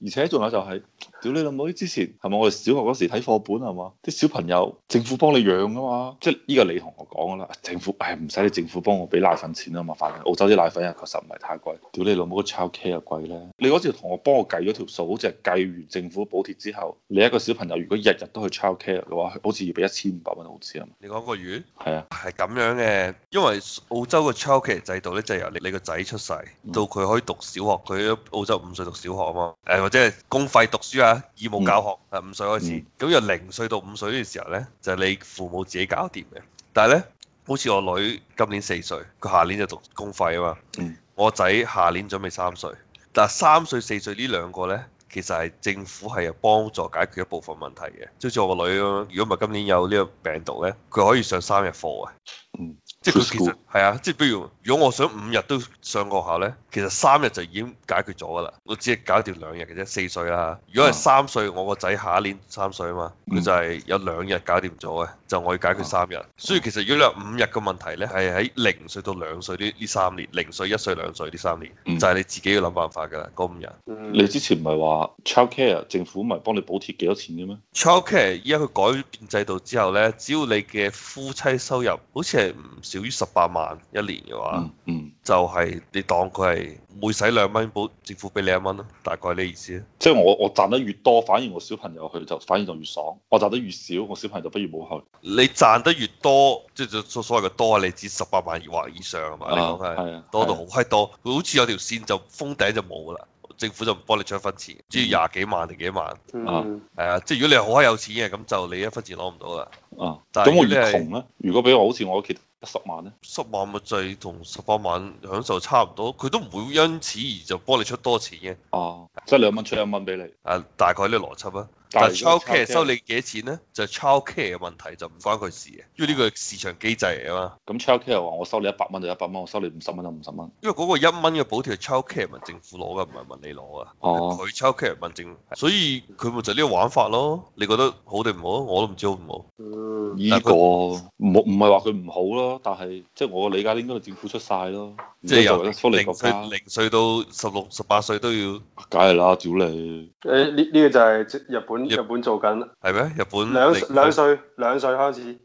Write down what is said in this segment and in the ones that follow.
而且仲有就係、是，屌你老母！之前係咪我哋小學嗰時睇課本係嘛？啲小朋友政府幫你養噶嘛？即係呢個你同我講噶啦，政府係唔使你政府幫我俾奶粉錢啊嘛，反正澳洲啲奶粉又確實唔係太貴。屌 你老母、個、childcare 又貴咧！你嗰次同我幫我計咗條數，好似係計完政府補貼之後，你一個小朋友如果日日都去 childcare 嘅話，好似要俾一千五百蚊澳紙啊！你講個月？係啊，係咁樣嘅，因為澳洲個 childcare 制度咧就由你你個仔出世到佢可以讀小學，佢澳洲五歲讀小學啊嘛，即係公費讀書啊，義務教學啊，嗯、五歲開始。咁、嗯、由零歲到五歲呢段時候咧，就係、是、你父母自己搞掂嘅。但係咧，好似我女今年四歲，佢下年就讀公費啊嘛。嗯、我仔下年準備三歲，但係三歲四歲呢兩個咧，其實係政府係有幫助解決一部分問題嘅。好似我個女咁，如果唔係今年有呢個病毒咧，佢可以上三日課嘅。嗯，即係佢其實係、嗯、啊，即係比如，如果我想五日都上學校咧，其實三日就已經解決咗㗎啦。我只係搞掂兩日嘅啫。四歲啦，如果係三歲，嗯、我個仔下一年三歲啊嘛，佢、嗯、就係有兩日搞掂咗嘅，就我要解決三日。嗯嗯、所以其實如果你話五日嘅問題咧，係喺零歲到兩歲呢呢三年，零歲一歲兩歲呢三年，嗯、就係你自己要諗辦法㗎啦。嗰五日。你之前唔係話 childcare 政府唔係幫你補貼幾多錢嘅咩？childcare 依家佢改變制度之後咧，只要你嘅夫妻收入好似係，唔少於十八萬一年嘅話，嗯、嗯就係你當佢係每使兩蚊，政府俾你一蚊咯，大概呢意思即係我我賺得越多，反而我小朋友去就反而就越爽。我賺得越少，我小朋友就不如冇去。你賺得越多，即係所所謂嘅多係你指十八萬或以上係嘛？啊、你講係、啊啊、多到好閪多，佢、啊、好似有條線就封頂就冇啦。政府就唔幫你出一分錢，至於廿幾萬定幾萬、嗯、啊，係啊，即係如果你係好閪有錢嘅，咁就你一分錢攞唔到啦。啊，咁、啊、我唔窮咧，如果比我好似我屋企得十萬咧，十萬咪就同十八萬享受差唔多，佢都唔會因此而就幫你出多錢嘅。啊，即係兩蚊出兩蚊俾你。啊，大概呢個邏輯啊。但係 childcare childcare 收你幾錢咧？就 childcare 嘅問題就唔關佢事嘅，因為呢個係市場機制嚟啊嘛。咁、啊、childcare 話我收你一百蚊就一百蚊，我收你五十蚊就五十蚊。因為嗰個一蚊嘅補貼係 childcare 問政府攞㗎，唔係問你攞啊。哦。佢 childcare 問政府，所以佢咪就呢個玩法咯？你覺得好定唔好？我都唔知好唔好。呢、呃佢這個唔唔係話佢唔好咯，但係即係我嘅理解應該係政府出晒咯。即係由福利零零歲到十六、十八歲都要，梗係啦，屌你、欸！誒呢呢個就係日本日本做緊，係咩？日本兩兩歲兩歲開始。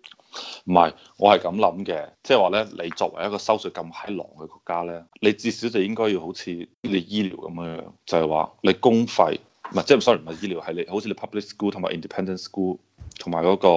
唔係，我係咁諗嘅，即係話咧，你作為一個收稅咁閪狼嘅國家咧，你至少就應該要好似你醫療咁樣，就係、是、話你公費，唔係即係 sorry 唔係醫療，係你好似你 public school 同埋 independent school。同埋嗰個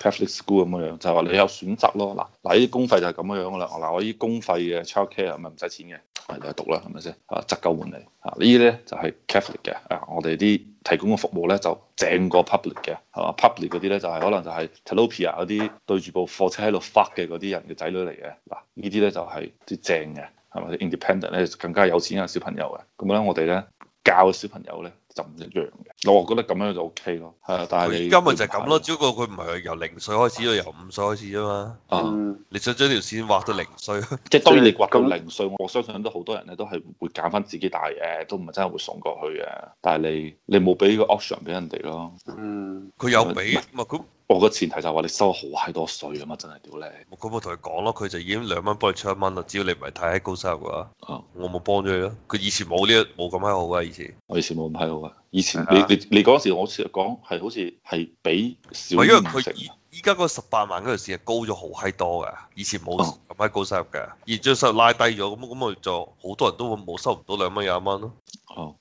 Catholic school 咁樣，就話、是、你有選擇咯。嗱嗱，呢啲公費就係咁樣噶啦。嗱，我呢啲公費嘅 childcare 係咪唔使錢嘅，係就係、是、讀啦，係咪先？啊，折舊換嚟，啊，呢啲咧就係、是、Catholic 嘅。啊，我哋啲提供嘅服務咧就正過、啊、public 嘅，係嘛？public 嗰啲咧就係、是、可能就係 Tilapia 嗰啲對住部貨車喺度發嘅嗰啲人嘅仔女嚟嘅。嗱、啊，呢啲咧就係、是、啲正嘅，或者 independent 咧更加有錢嘅小朋友嘅，咁咧我哋咧教小朋友咧就唔一樣嘅。我覺得咁樣就 O K 咯，係啊，但係你今日就係咁咯，只不過佢唔係由零歲開始，佢由五歲開始啫嘛。嗯，你想將條線畫到零歲，即係當然你畫到零歲，我相信都好多人咧都係會揀翻自己大嘅，都唔係真係會送過去嘅。但係你你冇俾個 option 俾人哋咯。嗯，佢有俾咁啊咁。我個前提就係話你收好閪多稅啊嘛，真係屌你！我冇同佢講咯，佢就已經兩蚊幫你出一蚊啦。只要你唔係太喺高收入嘅。啊，我冇幫咗佢咯。佢以前冇呢個冇咁閪好啊，以前。我以前冇咁閪好啊。以前你的、啊、你你嗰陣時，我成日講係好似係比少啲，因為佢依家嗰十八萬嗰條線係高咗好閪多㗎，以前冇咁閪高收入嘅。哦、而最後拉低咗，咁咁咪就好多人都會冇收唔到兩蚊廿蚊咯。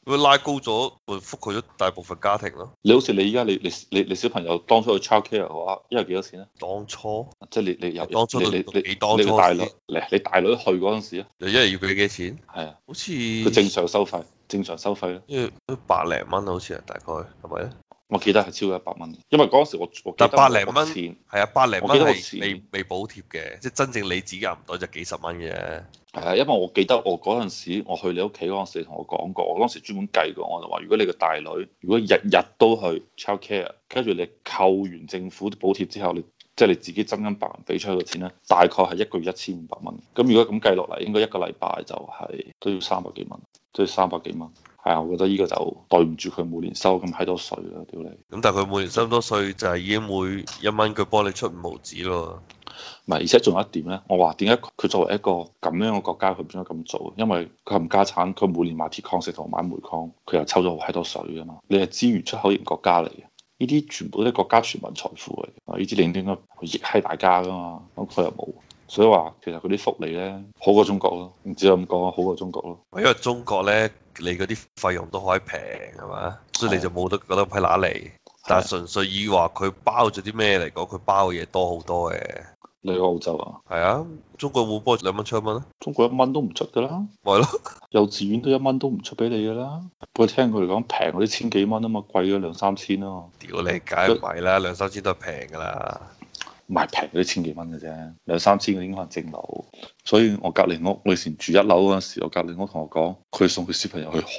會拉高咗，會覆蓋咗大部分家庭咯。你好似你而家你你你你小朋友當初去 childcare 嘅話，一日幾多錢咧？當初即係你你由當，當你你當你大女你大女去嗰陣時你一日要俾幾多錢？係啊，好似正常收費，正常收費咯，百零蚊好似啊，大概係咪咧？我記得係超過一百蚊，因為嗰時我我記得我錢，我前係啊，百零蚊係未未補貼嘅，即係真正你指己唔到就幾十蚊嘅。係啊，因為我記得我嗰陣時我去你屋企嗰陣時，同我講過，我當時專門計過，我就話如果你個大女如果日日都去 childcare，跟住你扣完政府補貼之後你。即係你自己真金白銀俾出去嘅錢咧，大概係一個月一千五百蚊。咁如果咁計落嚟，應該一個禮拜就係都要三百幾蚊，都要三百幾蚊。係啊，我覺得呢個就對唔住佢每年收咁閪多稅啦，屌你！咁但係佢每年收咁多稅，就係已經每一蚊佢幫你出五毫子咯。唔係，而且仲有一點咧，我話點解佢作為一個咁樣嘅國家，佢點解咁做？因為佢冚家產，佢每年買鐵礦石同買煤礦，佢又抽咗好閪多稅㗎嘛。你係資源出口型國家嚟嘅。呢啲全部都係國家全民財富嚟，呢啲領端應該亦係大家噶嘛。咁佢又冇，所以話其實佢啲福利咧好過中國咯，唔知有冇講好過中國咯，因為中國咧，你嗰啲費用都可以平係嘛，所以你就冇得覺得批乸嚟。的但係純粹以話佢包咗啲咩嚟講，佢包嘅嘢多好多嘅。你去澳洲啊？係啊，中國會唔會幫我兩蚊、出一蚊咧？中國一蚊都唔出噶啦，咪咯，幼稚園都一蚊都唔出俾你噶啦。我聽佢哋講平嗰啲千幾蚊啊嘛，貴咗兩三千咯、啊。屌你，梗係唔係啦，兩三千都係平噶啦，唔係平嗰啲千幾蚊嘅啫，兩三千應該係正樓？所以我隔籬屋我以前住一樓嗰陣時，我隔籬屋同我講，佢送佢小朋友去好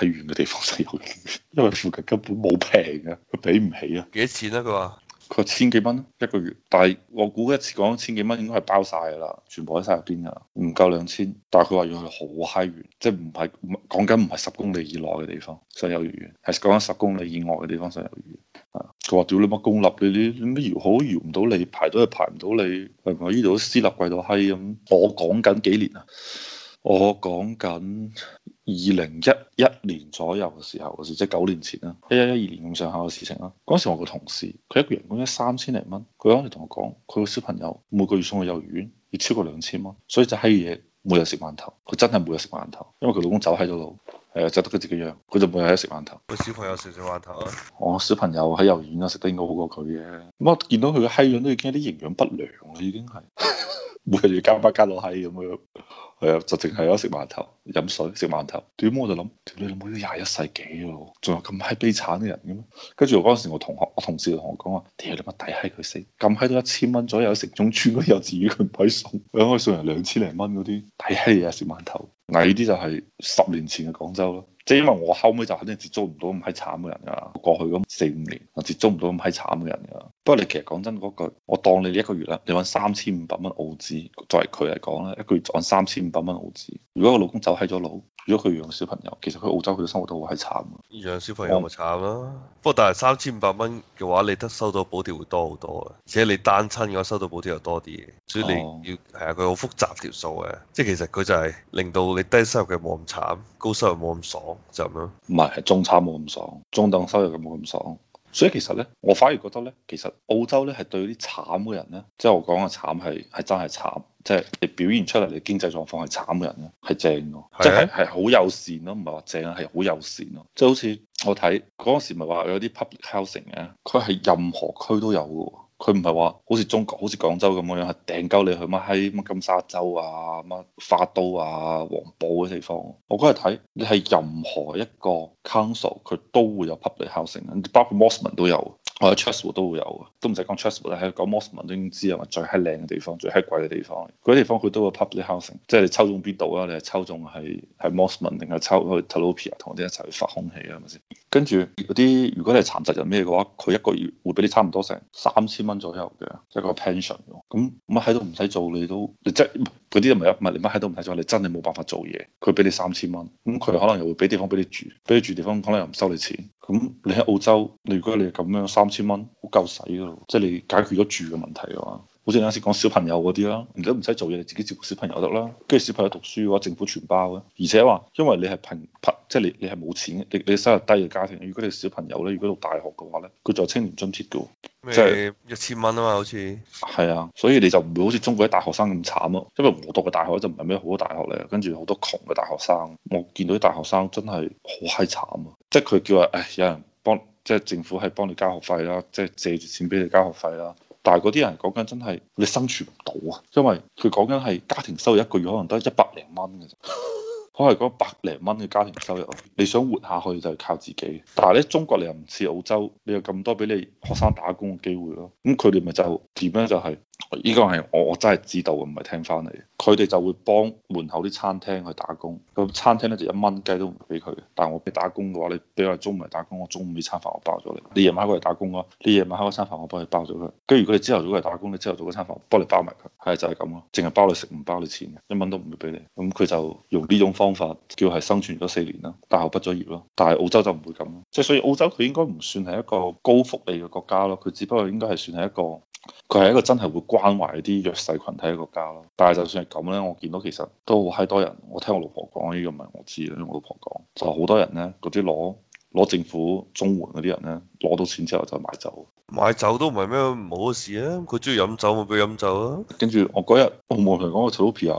閪遠嘅地方上幼稚園，因為附近根本冇平嘅，佢俾唔起啊。幾多錢啊？佢話。佢千幾蚊一個月，但係我估一次講千幾蚊應該係包晒㗎啦，全部喺晒入邊㗎，唔夠兩千。但係佢話要去好閪遠，即係唔係唔係講緊唔係十公里以內嘅地方上幼兒園，係講緊十公里以外嘅地方上幼兒園。佢話：屌你乜公立你你乜搖好搖唔到你，排隊都係排唔到你，係咪呢度私立貴到閪咁？我講緊幾年啊，我講緊。二零一一年左右嘅時候嘅事，即係九年前啦，一一一二年咁上下嘅事情啦。嗰時我個同事，佢一個月人工係三千零蚊，佢嗰陣時同我講，佢個小朋友每個月送去幼兒園要超過兩千蚊，所以就閪嘢，每日食饅頭。佢真係每日食饅頭，因為佢老公走喺咗路，誒就得佢自己養，佢就每日喺度食饅頭。個小朋友食住饅頭啊！我小朋友喺幼兒園啊，食得應該好過佢嘅。咁我見到佢嘅閪樣，都已經有啲營養不良啦，已經係 每日要加班加落閪咁樣。係啊，就淨係有，食饅頭，飲水，食饅頭。點解我就諗，屌你老母都廿一世紀咯、啊，仲有咁閪悲慘嘅人嘅咩？跟住嗰陣時我同學，我同事就同我講話，屌你媽抵閪佢死，咁閪都一千蚊左右，城中村嗰啲幼稚園派送。送」佢開餸人兩千零蚊嗰啲，抵閪啊食饅頭。矮啲就係十年前嘅廣州咯，即係因為我後尾就肯定接觸唔到咁閪慘嘅人㗎喇，過去咁四五年，我接觸唔到咁閪慘嘅人㗎喇。不過你其實講真嗰句，我當你一個月啦，你揾三千五百蚊澳紙作為佢嚟講咧，一個月就揾三千五百蚊澳紙，如果個老公走喺咗佬。如果佢養，養小朋友，其實佢澳洲佢嘅生活都好係慘嘅。養小朋友咪慘啦。不過但係三千五百蚊嘅話，你得收到補貼會多好多嘅。而且你單親嘅話，收到補貼又多啲嘅。所以你要係啊，佢好複雜條數嘅。即係其實佢就係令到你低收入嘅冇咁慘，高收入冇咁爽就咁樣咯。唔係中產冇咁爽，中等收入嘅冇咁爽。所以其實咧，我反而覺得咧，其實澳洲咧係對啲慘嘅人咧，即係我講嘅慘係係真係慘，即係你表現出嚟你經濟狀況係慘嘅人咧，係正㗎，即係係好友善咯，唔係話正啊，係好友善咯，即係好似我睇嗰陣時咪話有啲 public housing 嘅，佢係任何區都有㗎喎。佢唔係話好似中國好似廣州咁樣，係訂鳩你去乜喺乜金沙洲啊、乜花都啊、黃埔嗰啲地方。我嗰日睇你係任何一個 council，佢都會有 public housing，嗯，包括 Mosman 都有。我喺 Trustwood 都會有，都唔使 tr 講 Trustwood 啦，喺講 Mosman 都已經知啊。最閪靚嘅地方，最閪貴嘅地方，嗰啲地方佢都會 public housing，即係你抽中邊度啦？你係抽中係係 Mosman 定係抽去 Talupia 同我哋一齊去發空氣啊？係咪先？跟住嗰啲，如果你係殘疾人咩嘅話，佢一個月會俾你差唔多成三千蚊左右嘅，即係個 pension。咁乜喺度唔使做你都，你即係嗰啲又唔係，唔係你乜閪都唔睇咗，你真係冇辦法做嘢。佢俾你三千蚊，咁佢可能又會俾地方俾你住，俾你住嘅地方可能又唔收你錢。咁你喺澳洲，如果你係咁樣三千蚊，好夠使㗎喇喎，即係你解決咗住嘅問題嘅話。好似你啱先講小朋友嗰啲啦，你都唔使做嘢，你自己照顧小朋友得啦。跟住小朋友讀書嘅話，政府全包嘅。而且話，因為你係貧即係你你係冇錢，你錢你收入低嘅家庭。如果你小朋友咧，如果讀大學嘅話咧，佢仲有青年津貼嘅喎，即係一千蚊啊嘛，好似係啊。所以你就唔會好似中國啲大學生咁慘咯、啊。因為我讀嘅大學就唔係咩好嘅大學嚟，跟住好多窮嘅大學生。我見到啲大學生真係好閪慘啊！即係佢叫話誒有人幫，即、就、係、是、政府係幫你交學費啦，即、就、係、是、借住錢俾你交學費啦。但係嗰啲人講緊真係你生存唔到啊，因為佢講緊係家庭收入一個月可能得一百零蚊嘅啫，可係嗰百零蚊嘅家庭收入，你想活下去就係靠自己。但係咧，中國你又唔似澳洲，你有咁多俾你學生打工嘅機會咯，咁佢哋咪就點樣就係、是。呢個係我真係知道嘅，唔係聽翻嚟。佢哋就會幫門口啲餐廳去打工，咁餐廳咧就一蚊雞都唔俾佢。但係我俾打工嘅話，你比我話中午嚟打工，我中午呢餐飯我包咗你；你夜晚過嚟打工啊，你夜晚嗰餐飯我幫你包咗佢。跟住如果你朝頭早嚟打工，你朝頭早嗰餐飯我幫你包埋佢。係就係咁咯，淨係包你食，唔包你錢，一蚊都唔會俾你。咁佢就用呢種方法叫係生存咗四年啦，大學畢咗業咯。但係澳洲就唔會咁咯，即係所以澳洲佢應該唔算係一個高福利嘅國家咯，佢只不過應該係算係一個。佢係一個真係會關懷啲弱勢群體嘅國家咯，但係就算係咁咧，我見到其實都好閪多人。我聽我老婆講呢、這個咪我知咯，我老婆講就好多人咧，嗰啲攞攞政府綜援嗰啲人咧，攞到錢之後就買酒。買酒都唔係咩唔好嘅事啊，佢中意飲酒咪俾佢飲酒咯、啊。跟住我嗰日我望佢講個草皮下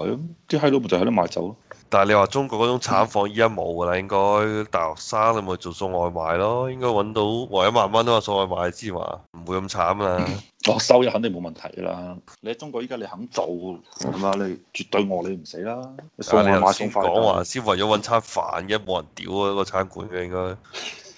啲閪佬咪就喺度買酒咯、啊。但係你話中國嗰種慘況，依家冇啦，應該大學生佢咪做送外賣咯，應該搵到話一萬蚊都話送外賣知嘛，唔會咁慘啊。嗯我、哦、收入肯定冇問題㗎啦。你喺中國依家你肯做，係嘛吧？你絕對餓你唔死啦。你又唔講話，先、啊、為咗搵餐飯嘅，冇人屌啊個餐館嘅應該。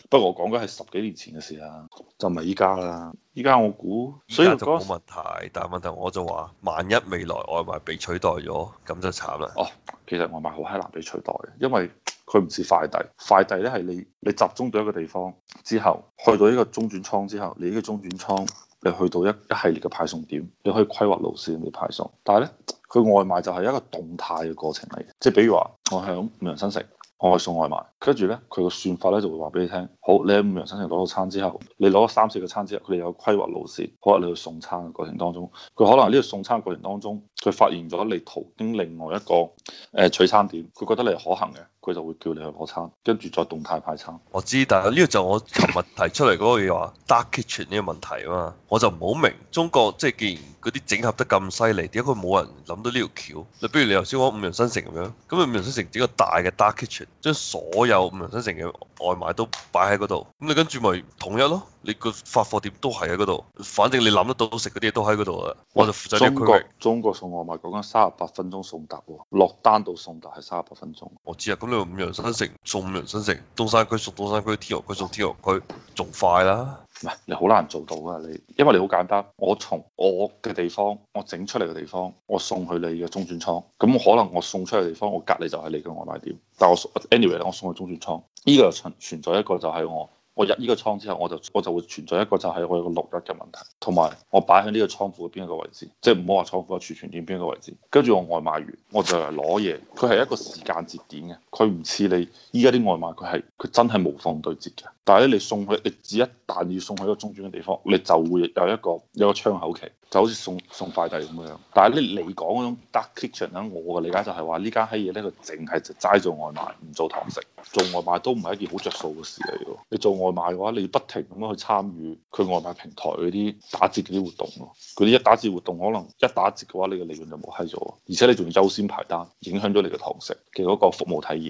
不過我講嘅係講緊係十幾年前嘅事啦，就唔係依家啦。依家我估，我所以就冇問題。但係問題我就話，萬一未來外賣被取代咗，咁就慘啦。哦，其實外賣好閪難被取代，嘅，因為佢唔似快遞。快遞咧係你你，你集中咗一個地方之後，去到呢個中轉倉之，之，之後，你呢個中轉倉。你去到一一系列嘅派送點，你可以規劃路線嚟派送。但係呢，佢外賣就係一個動態嘅過程嚟嘅，即係比如話，我喺五羊新城，我去送外賣。跟住呢，佢個算法呢就會話俾你聽，好，你喺五羊新城攞到餐之後，你攞咗三四個餐之後，佢哋有規劃路線，規劃你去送餐嘅過程當中。佢可能呢個送餐過程當中，佢發現咗你途經另外一個取餐點，佢覺得你係可行嘅，佢就會叫你去攞餐，跟住再動態派餐。我知，但係呢個就我琴日提出嚟嗰句話，dark kitchen 呢個問題啊嘛，我就唔好明，中國即係既然嗰啲整合得咁犀利，點解佢冇人諗到呢條橋？你不如你頭先講五羊新城咁樣，咁、嗰個、五羊新城整個大嘅 dark kitchen，將所有有五羊新城嘅外賣都擺喺嗰度，咁你跟住咪統一咯。你個發貨點都係喺嗰度，反正你諗得到食嗰啲嘢都喺嗰度啦。我就負責呢個區域。中國，中國送外賣講緊三十八分鐘送達喎，落單到送達係三十八分鐘。我知啊，咁你五羊新城送五羊新城，東山區送東山區，天河區送天河區，仲快啦。你好難做到㗎你，因為你好簡單。我從我嘅地方，我整出嚟嘅地方，我送去你嘅中轉倉。咁可能我送出嚟嘅地方，我隔離就係你嘅外賣店。但我 anyway 我送去中轉倉。呢、呢個存存在一個就係我。我入呢個倉之後，我就我就會存在一個就係我有一個錄入嘅問題，同埋我擺喺呢個倉庫嘅邊一個位置，即係唔好話倉庫嘅儲存點邊一個位置。跟住我外賣員，我就嚟攞嘢，佢係一個時間節點嘅，佢唔似你依家啲外賣，佢係佢真係無縫對接嘅。但係咧，你送佢，你只一旦要送去一個中轉嘅地方，你就會有一個有一個窗口期，就好似送送快遞咁樣。但係咧，你講嗰種 dark kitchen 咧，我嘅理解就係話呢間閪嘢咧，佢淨係就齋做外賣，唔做堂食。做外賣都唔係一件好着數嘅事嚟嘅，你做。外賣嘅話，你要不停咁樣去參與佢外賣平台嗰啲打折嗰啲活動咯，嗰啲一打折活動可能一打折嘅話，你嘅利潤就冇喺咗，而且你仲要優先排單，影響咗你嘅堂食嘅嗰個服務體驗。